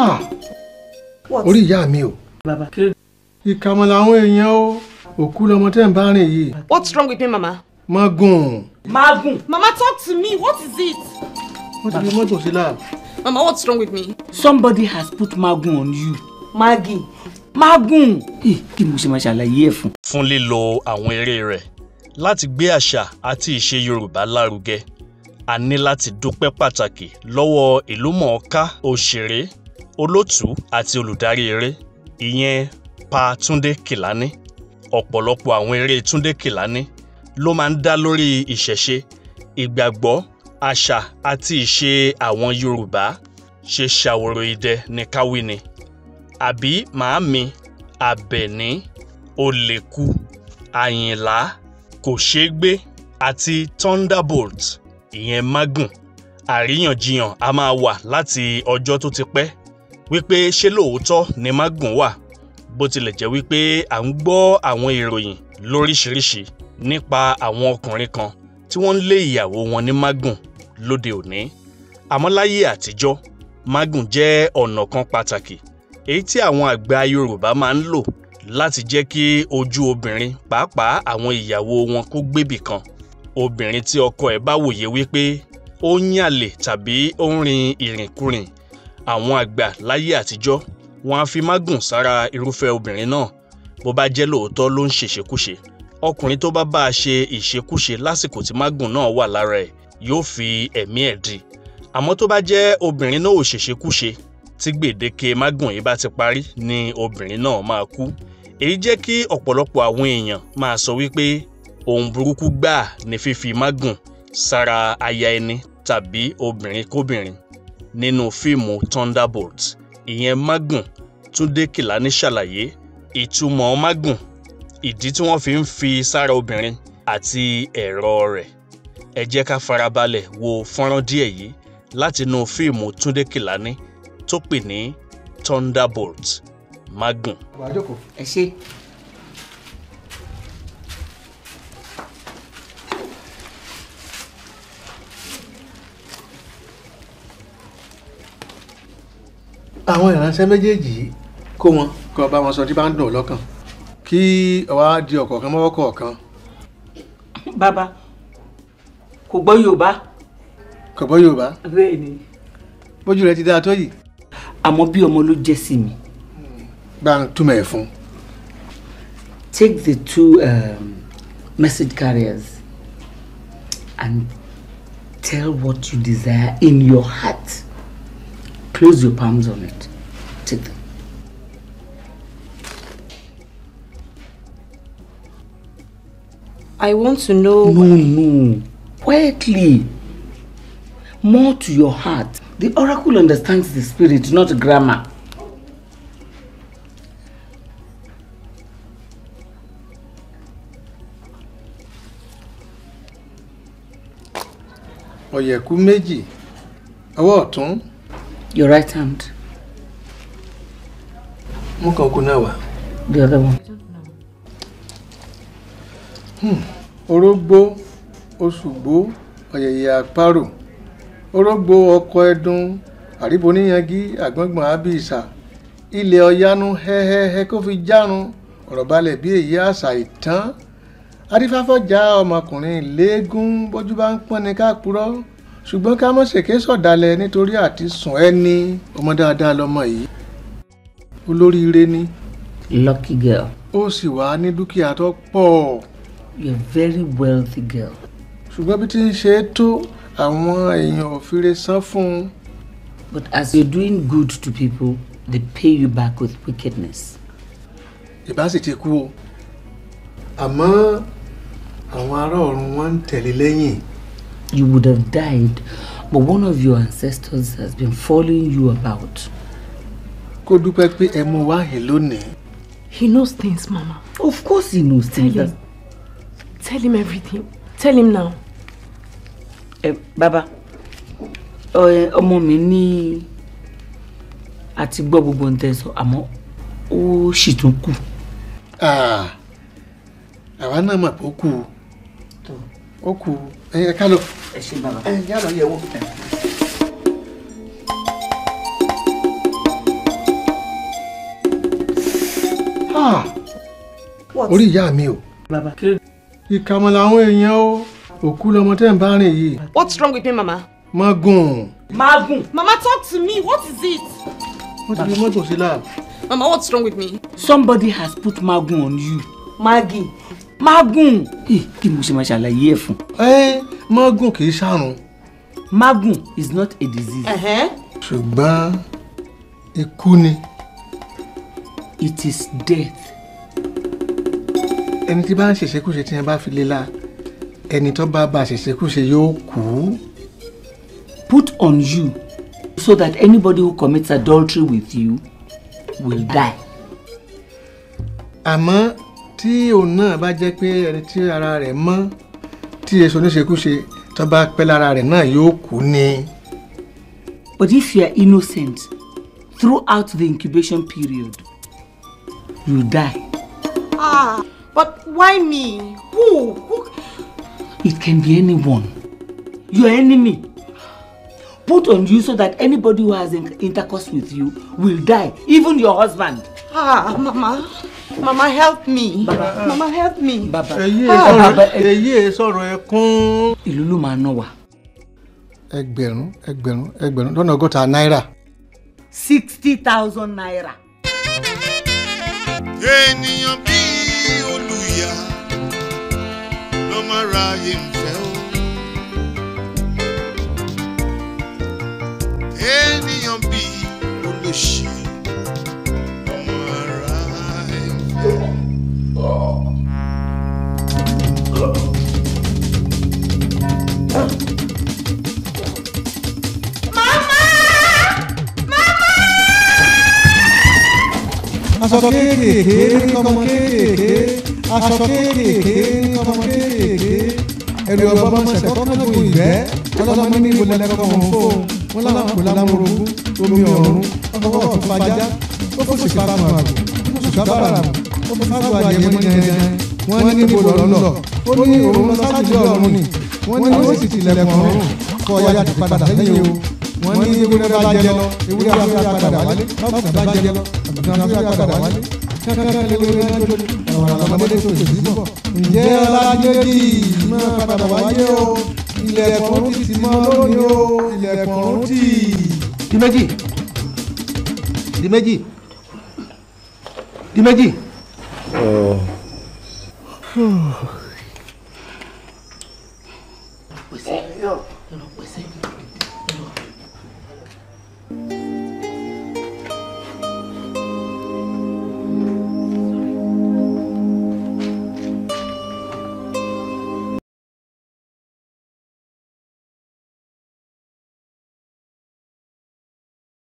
Ah! orí ìyá mi o ìkàmọ̀ làwọn èèyàn o òkú lọmọ tẹ́ ń bá rìn yìí. what's wrong with me mama. magun. magun. mama talk to me what is it. wọ́n ti fi mọ́tò sí láàbù. mama what's wrong with me. somebody has put magun on you. magi magun. kí mo ṣe máa ṣàlàyé ẹ̀ fún. fún lílo àwọn eré rẹ̀ láti gbé àṣà àti ìṣe yorùbá lárugẹ a ní láti dúpẹ́ pàtàkì lọ́wọ́ ìlúmọ̀ọ́ká òṣèré olótùú àti olùdarí eré ìyẹn pa túndé kìlání ọ̀pọ̀lọpọ̀ àwọn eré túndé kìlání ló máa ń dá lórí ìṣẹ̀ṣe ìgbàgbọ́ àṣà àti ìṣe àwọn yorùbá ṣe ṣàwòrò idẹ ní káwí ni àbí màámi àbẹ̀ní olèku àyìnlá kò ṣeé gbé àti thunderbolt ìyẹn magun àríyànjiyàn a máa wà láti ọjọ́ tó ti pẹ́ wípé ṣé lóòótọ́ ni magun wà bó tilẹ̀ jẹ́ wípé à ń gbọ́ àwọn ìròyìn lóríṣiríṣi nípa àwọn ọkùnrin kan tí wọ́n ń lé ìyàwó wọn ní magun lóde òní àmọ́ láyé àtijọ́ magun jẹ́ ọ̀nà kan pàtàkì èyí tí àwọn àgbà Yorùbá máa ń lò láti jẹ́ kí ojú obìnrin pàápàá àwọn ìyàwó wọn kó gbébì kan obìnrin tí ọkọ ẹ̀ bá wòye wípé ó ń yàlè tàbí ó ń rin ìrìnkúrìn àwọn àgbà láyé àtijọ́ wọn á fi mágùn sára irúfẹ́ obìnrin náà bó bá jẹ́ lóòótọ́ ló ń ṣèṣekúṣe ọkùnrin tó bá bá a ṣe ìṣekúṣe lásìkò tí mágùn náà wà lára ẹ̀ yóò fi ẹ̀mí ẹ̀ di àmọ́ tó bá jẹ́ obìnrin náà ò ṣèṣekúṣe tí gbèdéke mágùn yìí bá ti parí ni obìnrin náà máa kú èyí jẹ́ kí ọ̀pọ̀lọpọ̀ àwọn èèyàn máa sọ wípé ohun burúkú gbáà ni fífi mágùn sára aya ẹni tàbí obìnrin kóbìnrin nínú fíìmù thunderbolt ìyẹn magun túnde kìlání ṣàlàyé ìtumọ̀ magun ìdí tí wọ́n fi ń fi sára obìnrin àti ẹ̀rọ rẹ̀ ẹ jẹ́ ká farabalẹ̀ wo fọ́nrán díẹ̀ yìí látinú fíìmù túnde kìlání tó pè ní thunderbolt magun. ẹ ṣe àwọn ìránṣẹ́ méjèèjì yìí kó wọn kó bá wọn sọ tí bá ń dùn lọ́kàn kí ọwá di ọ̀kọ̀ọ̀kan mọ́wọ́ kọ̀ọ̀kan. bàbá kò gbọ́ yorùbá. kò gbọ́ yorùbá. bẹ́ẹ̀ ni. bójú rẹ ti dáa tó yìí. àmọ́ bí ọmọ ló jẹ́ sí mi. bá túmọ̀ ẹ̀ fún. take the two um, message carriers and tell what you desire in your heart. Close your palms on it çıktı. I want to know. No, no. Quietly. More to your heart. The oracle understands the spirit, not grammar. Ọ̀yẹ̀kú méjì. Ọwọ́ ọ̀tún. Your right hand. Muka kunawa? The other one. Hmm. Orógbó, Òṣùgbó, Ọ̀yẹ̀yẹ̀ àparò. Orógbó ọkọ ẹdun, àríbo níyanjú, àgbọ̀ngbọ̀n ábíìsà. Ilẹ̀ ọ̀yanu hẹ́hẹ́hẹ́ kó fi járun. Ọ̀rọ̀ balẹ̀ bí èyí àṣà ìtàn. Adífáfọ́jà ọmọkùnrin léegun bójú bá ń pọ́n ni ká purọ́. Ṣùgbọ́n ká mọ̀ ṣèké sọ̀dálẹ̀ nítorí àti sùn ẹni ọmọ dáadáa lọmọ yìí olóríire ni. lucky girl. ó sì wá ní dúkìá tó pọ̀. you are very wealthy girl. ṣùgbọ́n bí tí ń ṣe é tó àwọn èèyàn ò fire san fún un. but as you are doing good to people they pay you back with wickedness. ìbá sì ti kú o àmọ́ àwọn ará ọ̀run wọn ń tẹ̀lé lẹ́yìn. you would have died but one of your ancestors has been following you about kó dúpẹ́ pé ẹ mú wá yìí lónìí. he knows things mama. of course he knows things. tell him tell him everything tell him now. ẹ eh, bàbá eh, ọmọ mi ní àti gbọ́ gbogbo ohun tẹ́ sọ àmọ́ ó sì tún kù. àwa náà mà pé ó kù ó kù ẹ ká lọ ẹ yá lọ yẹ̀ wò. orí ìyá mi o. bàbá kí làwọn èèyàn o òkú lọmọ tẹ́ ń bá rìn yìí. what's wrong with me mama. magun. magun. mama talk to me what is it. wọ́n ti fi mọ́tò sí láà. mama what's wrong with me. somebody has put magun on you. magi. magun. kí mo ṣe máa ṣàlàyé ẹ̀ fún. ẹ magun kì í ṣàrùn. magun is not a disease. Uh ṣùgbọ́n ikú ni. it is death ẹni tí bá ń ṣèṣekúṣe tí yẹn bá fi lé ẹni tó bá bá ṣèṣekúṣe yóò kú. put on you so that anybody who commits adultery with you will die. àmọ́ tí òun náà bá jẹ́ pé ẹni tí ara rẹ̀ mọ́ tí èso oníṣekúṣe tó bá pẹ́ lára rẹ̀ náà yóò kú ni. but if you are innocent throughout the incubation period you die. Ah. But why me? Who? Who? It can be anyone. Your enemy. Put on you so that anybody who has intercourse with you will die, even your husband. Ah, Mama. Mama, help me. Baba. Mama, help me. Baba. Èyí ah. sọ̀rọ̀ ẹkún. Ìlú ló máa ná wa. Ẹgbẹ̀rún ẹgbẹ̀rún ẹgbẹ̀rún lọ́nà ọgọ́ta náírà. Sixty thousand naira. Ènìyàn bí yá ló má ra ayé ńfẹ́ o. ènìyàn bí olóṣì ló má ra ayé ńfẹ́. aṣọ kéékèèké ọmọ kéékèèké aṣọ kéékèèké kọ́mọ kéékèèké ẹ̀rù ọ̀bọ ọmọọṣẹ́ kọ́mọ́gbò ìgbẹ́ ọlọ́mọ ní ìbò lẹ́kọ̀ọ́ wọn fò wọn lápò lámúrú omi ọ̀run ọkọ̀ ọ̀tún fajá ó fò sí pàmò àgbò ó sì sábàrà ó fi fáwọn àyẹ̀mọ́ jẹjẹ wọ́n ní ìbò lọ́lọ́ ó ní òun lọ sájú ọ̀run ni wọ́n ní ó sì tilẹ̀kùn ọ̀run kọ́ ọ̀yà ti padà sẹ́yìn o wọ́n ní ewúrẹ́ bá jẹ lọ ewúrẹ́ bá padà wálé lọ́sàn-án bá jẹ lọ àgbàdo bá padà wálé ǹjẹ́ ọlájẹ́jì máa padà wáyé o ilẹ̀kùn ti ti mọ́ lónìí o ilẹ̀kùn ti. di méjì di méjì di méjì.